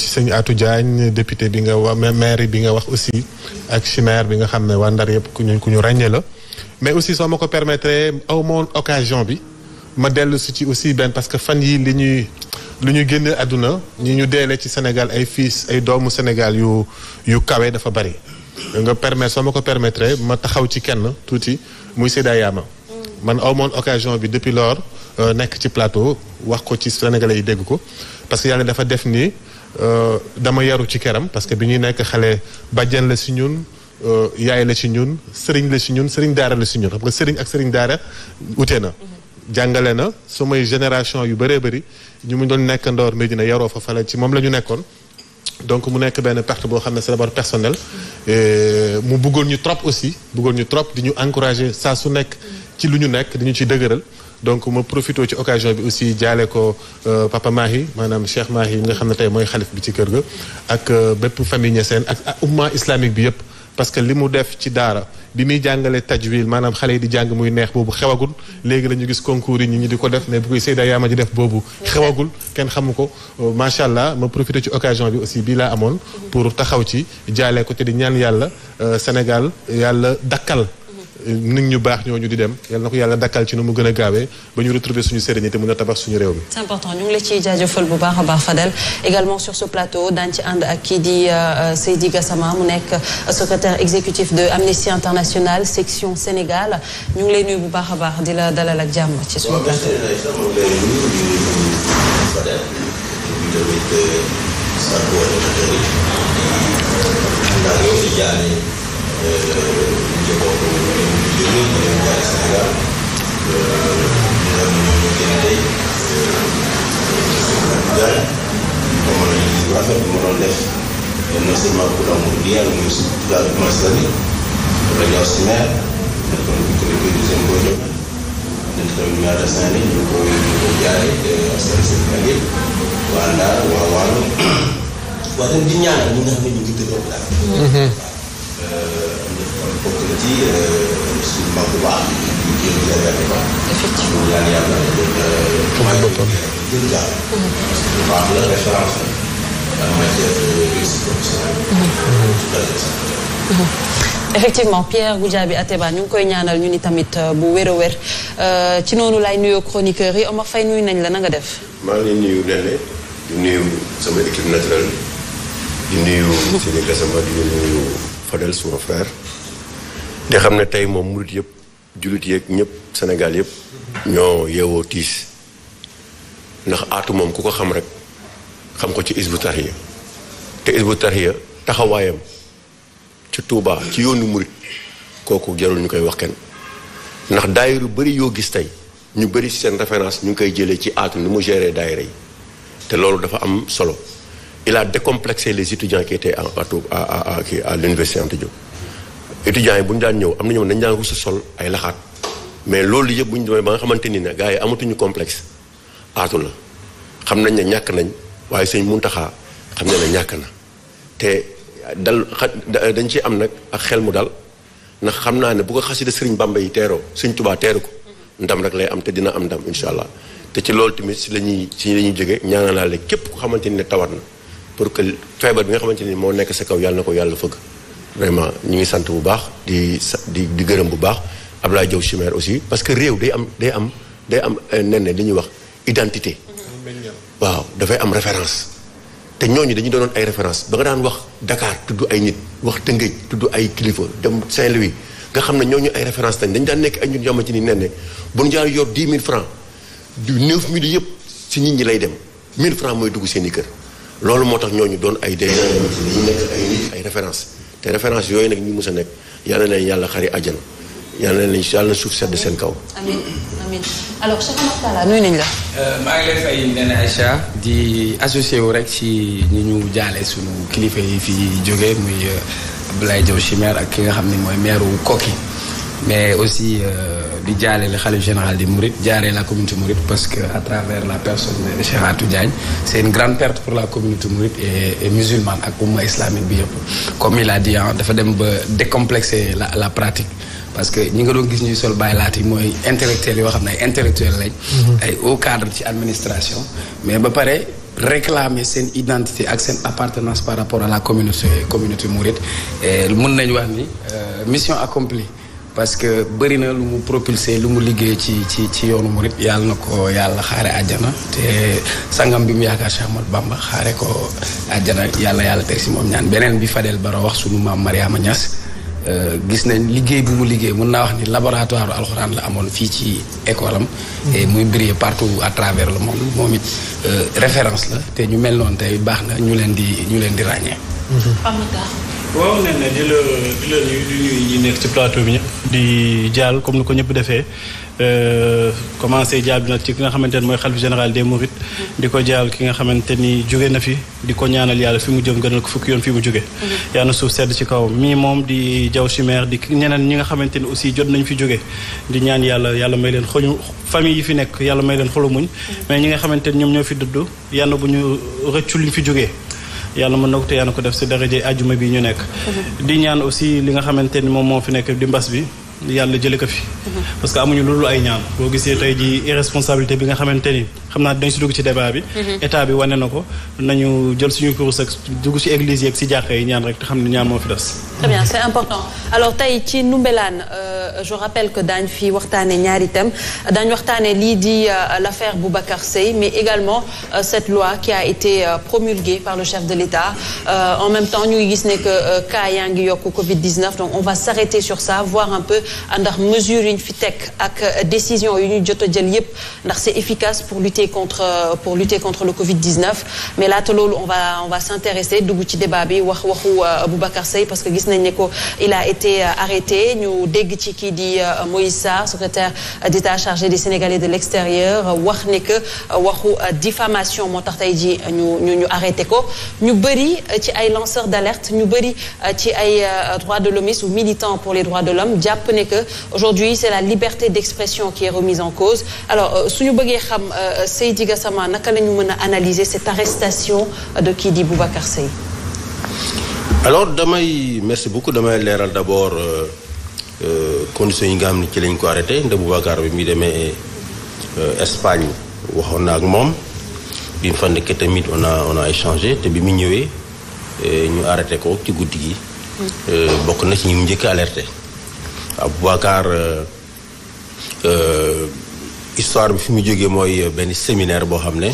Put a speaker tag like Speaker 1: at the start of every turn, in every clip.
Speaker 1: ci sëñ Atou Diagne député bi nga wax maire bi nga wax aussi ak chimère bi nga xam ne waa Ndar yëpp ku ñu ku ñu ràññee la mais aussi soo ma ko permettre aw occasion bi ma dellu si ci aussi benn parce que fan yi li ñuy lu ñu génn àdduna ñi ñu deelee ci Sénégal ay fils ay doomu Sénégal yu yu kawe dafa bari nga permettre soo ma ko permettre ma taxaw ci kenn tuuti muy Seyda Yama man aw moon occasion bi depuis lors euh, nekk ci plateau wax ko ci Sénégalais yi dégg ko parce que yàlla dafa def ni Euh, dama yaru ci këram parce que bi ñuy nekk xale bàjjen la si ñun euh, yaay la si ñun sëriñ la si ñun sëriñ daara la si ñun xam nga sëriñ ak sëriñ daara wute na. jàngale na su may génération yu bëree bëri ñu mu doon nekk ndoor Medina yaroo fa fale ci moom la ñu nekkoon. donc mu nekk benn perte boo xam ne c'est d'abord personnel mu buggoon ñu trop aussi bëggoon ñu trop di ñu encourager saa su nekk ci lu ñu nekk di ñu ci dëgëral. donc ma profité ci occasion bi aussi jaalee ko euh, papa Mahi maanaam Cheikh Mahi nga xam ne tey mooy xalif bi ci kër ga ak euh, bépp famille ñeseen ak umma islamique bi yëpp parce que li mu def ci daara bi muy jàngale tajwil maanaam xale yi di jàng muy neex boobu xewagul léegi la ñu gis concours yi ñi ñi di ko def mais bu koy Seyda Yaama ji def boobu xewagul kenn xamu ko euh, macha allah ma profité ci occasion bi aussi bii laa amoon pour taxaw ci jaalee ko te di ñaan yàlla Sénégal yàlla dakkal nit ñu baax ñoo ñu di dem yal na ko yàlla dakkal ci nu mu gën a gaawee ba ñu retrouver suñu sérénité mën a tabax suñu réew mi.
Speaker 2: c'est important ñu ngi la ciy jaajëfal bu baax a baax Fadel également sur ce plateau daañu ci ànd ak kii di euh, euh, Seydi Gassama mu nekk euh, secrétaire exécutif de Amnesty International section Sénégal ñu ngi lay nuyu bu baax a baax di la dalal ak jàmm ci suñu
Speaker 3: njabootu réew mi mooy waa Sénégal ñu nga ñoo ñu génn tey Sénégal amoon nañu liggéey bu rafet bu ma doon def non seulement pour l'amour d'hier mais surtout pour la maçonnerie dañoo si maire nekkoon bi ko ko deuxième boo jóg nekk tamit maire de Saint-Louis ñu ko ñu ko jaare askan Sénégal yëpp waa Ndar waa Waalo waaye tamit di ñaanal ñi nga xam ne ñu ngi dëgër daal mm-hmm. euh, bokk na ci suñu mag bu ñu jéem effectivement mu ñaan
Speaker 2: yàlla baax la koy ñaanal ñu ni tamit euh, bu wér a wér euh, ci noonu lay nuyoo chroniqueur yi Omar Faye nuyu nañ la nanga nga def.
Speaker 4: maa ngi nuyu Ndeye di nuyu sama équipe naturelle di nuyu Sénégal sama di nuyu Fadel suma frère. te xam ne tey moom murit yëpp jullit yeeg ñëpp Sénégal yëpp ñoo yeewoo tiis ndax aatu moom ku ko xam rek xam ko ci isbu tarxiya te isbu tarxiya taxawaayam ci Touba ci yoonu murit kooku jarul ñu koy wax kenn ndax daayira yu bëri yoo gis tey ñu bëri seen référence ñu ngi koy jëlee ci aatu ni mu géré daayira yi te loolu dafa am solo il a décomplexé les étudiants qui étaient à à à à l'université Anta Diop étudiants yi bu ñu daan ñëw am na ñoom dañu daan rus a sol ay laxaat mais loolu yëpp bu ñu demee ba nga xamante ni ne gars yi amatuñu complexe aatu la xam nañ ne ñàkk nañ waaye sëñ taxaa xam ne ne ñàkk na te dal dañ ci am nag ak xel mu dal ndax xam naa ne bu ko xasida sëriñ Bamba yi teeroo sëñ Tubaa teeru ko ndam rek lay am te dina am ndam incha allah te ci loolu tamit si la ñuy si la ñuy jóge ñaanalaale képp ku xamante ni ne tawat na pour que feebar bi nga xamante ni moo nekk sa kaw yàlla na ko yàlla fëgg vraiment ñu ngi sant bu baax di di di gërëm bu baax ab Abdoulaye Diaw Chimère aussi parce que réew day am day am day am euh, nen ne li ñuy wax identité. waaw dafay am référence. te ñooñu dañu doon ay référence ba nga daan wax dakaar tudd ay nit wax Tëngéej tudd ay kilifa dem Saint-Louis nga xam ne ñooñu ay référence lañ dañ daan nekk ay ñun yoo ci ni nen ne bu ñu jaar yor 10 000 francs du 9000 yëpp si nit ñi lay dem 1000 francs mooy dugg seen i kër loolu moo tax ñooñu ñu nekk ay nit ay référence te référence yooyu nag ñu mus a nekk yàlla na leen yàlla xari àjjana yàlla na leen yàlla suuf sedd seen kaw.
Speaker 2: amiin amiin alors Cheikh Oumar Talla nuyu nañ la.
Speaker 5: Euh, di associé wu rek ci ñu ñu jaale suñu kilifa yi fi jóge muy euh, Abdoulaye Diaw Chimère ak ki nga xam ne mooy maire wu Koki. mais aussi euh, di jaale le khalife général des Mourides jaaree la communauté Mouride parce que à travers la personne de Cheikh Atou Diagne une grande perte pour la communauté Mouride et et musulmane ak umma islamique bi yëpp comme dafa dem ba décomplexer la la pratique. parce que ñi nga doon gis ñuy sol bàyyi laat mooy intellectuels yoo xam ne ay intellectuels lañ. Mhm. ay mais ba pare réclamer seen identité ak seen appartenance par rapport à la communauté communauté mouride et mën nañu wax ni euh, mission accomplie. parce que bëri na lu mu propulsé lu mu liggéey ci ci ci yoonu murit yàlla na ko yàlla xaare àjjana te sangam bi mu yaakaar Cheikh Ahmadou Bamba xaare ko àjjana yàlla yàlla teg si moom ñaan beneen bi Fadel Baro wax sunu maam Mariama Niass euh, gis nañ liggéey bu mu liggéey mun naa wax ni laboratoire alxuraan la amoon fii ci école am. et muy briller partout à travers la monde moom it euh, référence la te ñu mel noonu tey baax na ñu leen di ñu leen di ràññee. waaw nee na di la di la nuyu di nuyu
Speaker 3: nekk ci plateau bi ñëpp di jaal comme ni ko ñëpp defee euh, commencé jaal bi nag ci ki nga xamante ne mooy xalif général de Mourides di ko jaal ki nga xamante ni jóge na fi di ko ñaanal yàlla fi mu jëm gënal ko fukki yoon fi mu jóge mhm. yàlla na suuf sedd ci kaw mii moom di jaw chimère di ñeneen ñi nga xamante ni aussi jot nañ fi jóge di ñaan yàlla yàlla may leen xoñu famille yi fi nekk yàlla may leen xolu muñ mhm. mais ñi nga xamante ni ñoom ñoo fi dudd yàlla bu ñu rëccu liñ fi jógee yàlla mën na ko te ko def si daraje ajuma bi ñu nekk mhm. di ñaan aussi li nga xamante ni moom moo fi nekk di mbas bi yàlla jële ko fi mhm. parce que amuñu loolu ay ñaan boo gisee tey ji irresponsabilité bi nga xamante ni xam naa dañ si dugg ci débat bi mhm. état bi wane na ko nañu jël suñu course ak dugg si église yeeg si jàkka yi ñaan rek te xam ne ñaan moo très
Speaker 2: bien c'est important alors ci Ndoumbelane euh, je rappelle que daañ fi waxtaane ñaari thèmes daañ waxtaane lii di euh, l'affaire Boubacar Seye mais également euh, cette loi qui a été promulguée par le chef de l'État en même temps ñu ngi gis ne que cas yaa ngi yokk Covid-19 donc on va s'arrêter sur ça voir un peu ndax mesures yi ñu fi teg ak décision yu ñu jot a jël lutter contre pour lutter contre le covid mais laata loolu on va s'intéresser dugg ci débat bi wax waxu euh, Boubacar parce que gis nañ ne ko il a été euh, arrêté ñu dégg ci kii di euh, Moïse Sarr secrétaire d'État chargé des Sénégalais de l'extérieur wax ne que waxu diffamation moo tax tey ji ñu ñu ñu arrêté ko ñu bëri ci ay lanceurs d'alerte ñu bëri ci ay droits de l'homme ou militants pour les droits jàpp ne que aujourd'hui la liberté d'expression qui est remise en cause alors suñu bëggee xam Seydi Gassama naka lañu mën a analyser cette arrestation de kii di Boubacar Seye
Speaker 3: alors damay merci beaucoup damay leeral d'abord euh, euh, conditions yi nga xam ne ci lañ ko arrêté nda Boubacar bi muy demee euh, Espagne waxoon na ak moom bi mu fa nekkee tamit on a on a échangé te bi mu ñëwee ñu arrêté ko ci guddi gi mm. bokk na ci ñu njëkk alerté Boubacar histoire bi fi mu jógee mooy euh, benn séminaire boo xam ne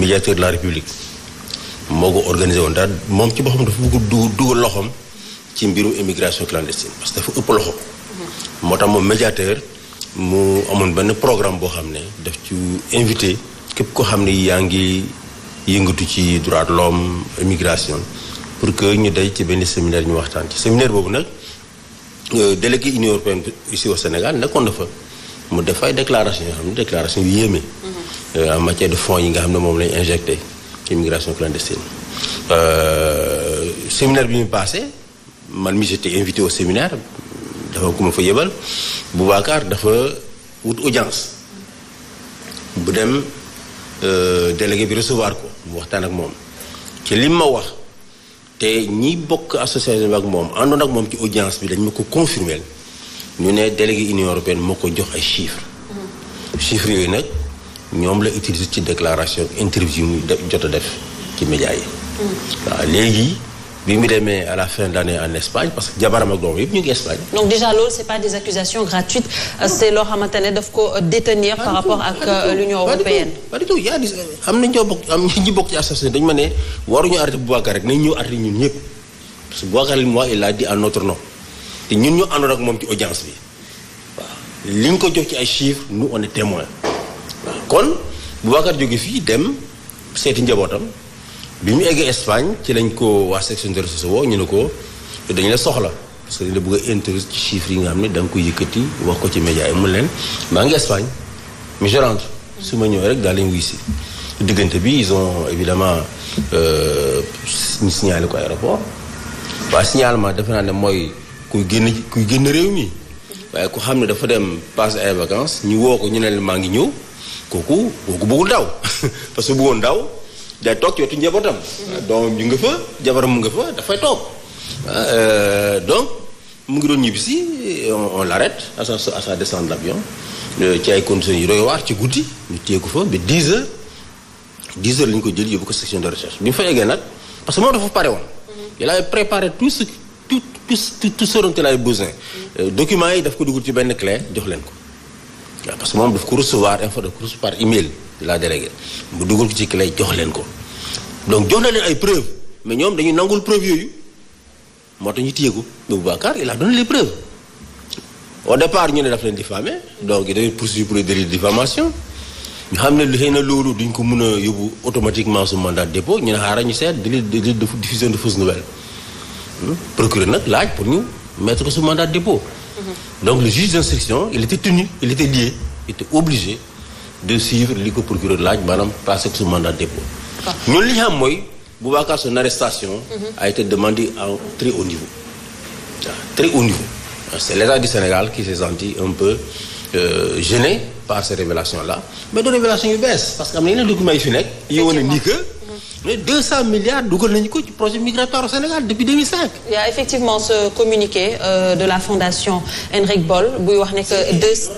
Speaker 3: médiateur la république moo ko organisé woon daal moom ci xam boppam dafa bëgg dugg dugal loxoom ci mbirum immigration clandestine parce que dafa ëpp loxo. Mm-hmm. moo tax moom médiateur mu amoon benn programme boo xam ne daf ci invité képp ko xam ne yaa ngi yëngatu ci droit de l'homme immigration pour que ñu day ci benn séminaire ñu waxtaan ci séminaire boobu nag euh, délégué union européenne ici au Sénégal nekkoon na mu def ay déclaration yoo xam ne déclaration yu yéeme. Euh, en matière de fonds yi nga xam ne moom lañ injecté ci immigration clandestine. Euh, séminaire bi ñu passé man mi j'étais invité au séminaire dafa ku ma fa yëbal Boubacar dafa wut audience bu dem euh, délégué bi recevoir ko mu waxtaan ak moom ci li ma wax te ñi bokk association bi ak moom àndoon ak moom ci audience bi dañ ma ko confirmer ñu ne délégué union européenne moo ko jox ay chiffres. chiffres yooyu nag ñoom la utiliser ci déclaration interview mu jot a def ci médias yi. waaw léegi bi mu demee à la fin de l'année en Espagne parce que jabaram ak doom yëpp ñu ngi Espagne.
Speaker 2: donc déjà loolu c'est pas des accusations gratuites euh, c'est loo xamante ne daf ko euh, détenir par rapport ak euh, l'union européenne.
Speaker 3: am na ñoo bokk am ñi bokk ci association dañ ma ne waruñu bu Boubacar rek nañu ñëw arrêté ñun ñëpp parce que Boubacar li mu wax il te ñun ñu àndoon ak moom ci audience bi waaw li nga ko jox ci ay chiffres nous on témoin waaw kon Boubacar jóge fii dem seeti njabootam bi mu eggee Espagne ci lañ ko waa section de ñu ne ko dañu la soxla parce que dañu la bëgg a introduire ci chiffres yi nga xam ne da nga ko yëkkati wax ko ci média yi mu leen maa ngi Espagne mais su ma ñëwee rek daal lañ wuy si diggante bi ils ont évidemment ñu euh, signalé ko aéroport waa signalement defe naa ne mooy kuy génn kuy génn réew mi waaye ku xam ne dafa dem passe ay vacances ñu woo ko ñu ne leen maa ngi ñëw kooku kooku bëggul daw parce que bëggoon daw day toog ci njabootam. Hmm. doomam ñu nga fa jabaram mu nga fa dafay toog. Ah, euh, donc mu ngi doon ñibbisi on on l'arrête à sa à sa descente d'avion euh, ci ay conditions yu doy waar ci guddi ñu téye ko fa ba 10 heures 10 heures la ko jël yóbbu ko section de recherche bi mu fa eggee nag parce que moom dafa pare woon. Hmm. il préparé tout tout tout ce dont il a document yi daf ko duggul ci benn clé jox leen ko waaw parce que moom daf ko recevoir info daf ko recevoir par email de la délégué mu dugal ko ci clé jox leen ko donc jox na leen ay preuves mais ñoom dañu nangul preuve yooyu moo tax ñu téye ko Boubacar il a donné les preuves au départ ñu ne daf leen diffamé donc il devait poursuivre pour ñu xam ne xëy na loolu duñ ko mën a yóbbu automatiquement su mandat de ñu ne xaaral ñu seet procureur nag laaj pour ñu mettre ko sous mandat de dépôt. Mhm. donc le juge d'instruction il était tenu il était lié était obligé de suivre li ko procureur laaj maanaam passé ko sous mandat de dépôt. ñun li ñu xam mooy Boubacar son arrestation. Mhm. a été demandée à très haut niveau. waaw ah, très haut niveau. Ah, c'est l'État du Sénégal qui s'est senti un peu euh, gêné par ces révélations là mais de révélations yu bees parce que am na yeneen documents fi nekk. yu wane ni que. mais 200 milliards dugal nañu
Speaker 2: ko ci projet migratoire au Sénégal depuis 2005. il effectivement ce communiqué euh, de la fondation Henrik Boll buy wax ne que deux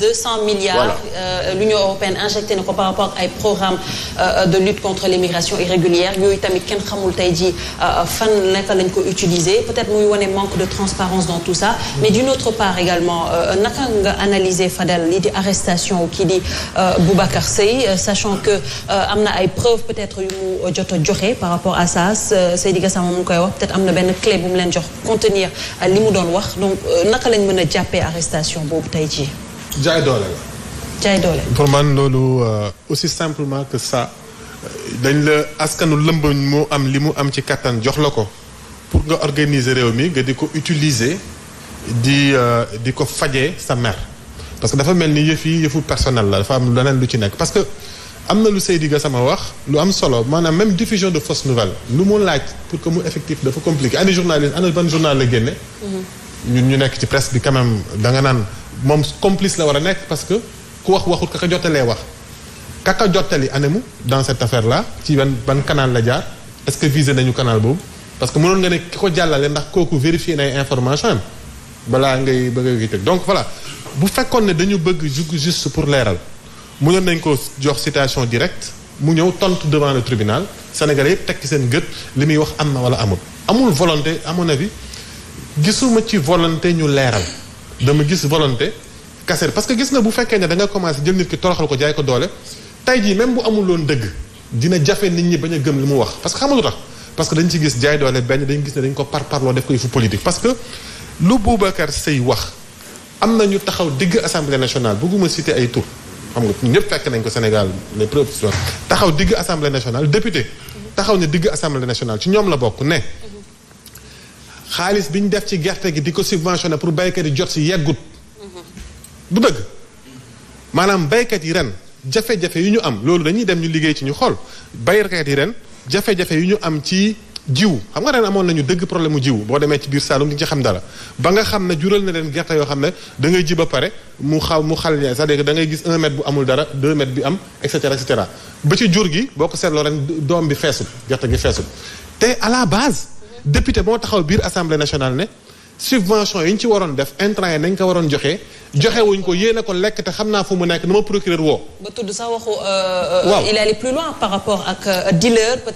Speaker 2: 200 milliards. Voilà. Euh, l'Union européenne injecté na ko par rapport ay programme euh, de lutte contre l'immigration irrégulière yooyu tamit kenn xamul tey jii euh, fan naka lañ ko utiliser peut-être muy wane manque de transparence dans tout ça. mais d'une autre part également euh, naka nga analyser Fadel lii di arrestation kii di Boubacar Seye sachant que am na ay preuves peut-être jot joxe par rapport à ça Seydi Gassama mu ngi koy wax peut-être am na benn clé bu mu leen jox contenir li mu doon wax donc euh, naka lañ mën a jàppee arrestation boobu tey jii. jaay doole la. jaay doole
Speaker 1: pour man loolu euh, aussi simplement que ça euh, dañ la askanu lëmb mu am li mu am ci kattan jox la ko pour nga organiser réew mi nga di ko utiliser di di ko fajee sa mer parce que dafa mel ni yëf yi yëfu personnel la dafa am leneen lu ci nekk am na lu Seydi sama wax lu am solo maanaam même diffusion de fausse nouvelle lu mu laaj pour que mu effectif dafa compliqué ana journaliste ana ban journal la génne
Speaker 3: mm-hmm.
Speaker 1: ñun ñu nekk ci presque bi quand même da nga naan moom complice la war a nekk parce que ku wax waxut kaka jottalee wax kaka jottali mu dans cette affaire là ci ban ban canal la jaar est-ce que visé nañu canal boobu parce que mënoon nga ne ki ko jàllale ndax kooku vérifié nay information am balaa ngay bëgg a donc voilà bu fekkoon ne dañu bëgg jug juste pour leeral mu mënoon nañ ko jox citation directe mu ñëw tontu devant le tribunal sénégalais yëpp tekki seen gët li muy wax am na wala amul amul volonté à mon avis gisuma ci volonté ñu leeral dama gis volonté kaseer parce que gis na bu fekkee ne da nga commencé jël nit ki toroxal ko jaay ko doole tey jii même bu amul loon dëgg dina jafe nit ñi bañ gëm li mu wax parce que xamalu tax parce que dañ ci gis jaay doole benn dañ gis ne dañ ko par parloo def ko yëfu politique parce que lu Boubacar Seye wax am na ñu taxaw digg assemblée nationale bëgguma citer ay tur xam nga ñëpp fekk nañ ko Sénégal les preuves sont taxaw digg assemblée nationale député. taxaw ne digg assemblée nationale ci ñoom la bokk ne. xaalis bi ñu def ci gerte gi di ko subventionné pour baykat yi jot si yeggut. bu dëgg maanaam baykat yi ren jafe-jafe ñu am loolu dañuy dem ñu liggéey ci ñu xool baykat yi ren jafe-jafe ñu am ci. jiw xam nga ren amoon nañu dëgg problème mu jiw boo demee ci biir Saalum di nga ci xam dara ba nga xam ne jural na leen gerte yoo xam ne da ngay ji ba pare mu xaw mu xal ñaar cest da ngay gis un mètre bu amul dara deux mètres bi am et cetera et cetera ba ci jur gi boo ko seetloo ren doom bi feesul gerte gi feesul te à la base député moo taxaw biir assemblée nationale ne subvention yi ñu ci waroon def intrant yi nañ ko waroon joxe joxe wuñ ko yéen a ko lekk te xam naa fu mu nekk na ma procureur woo.
Speaker 2: ba tudd sax waxu. Euh, euh, waaw il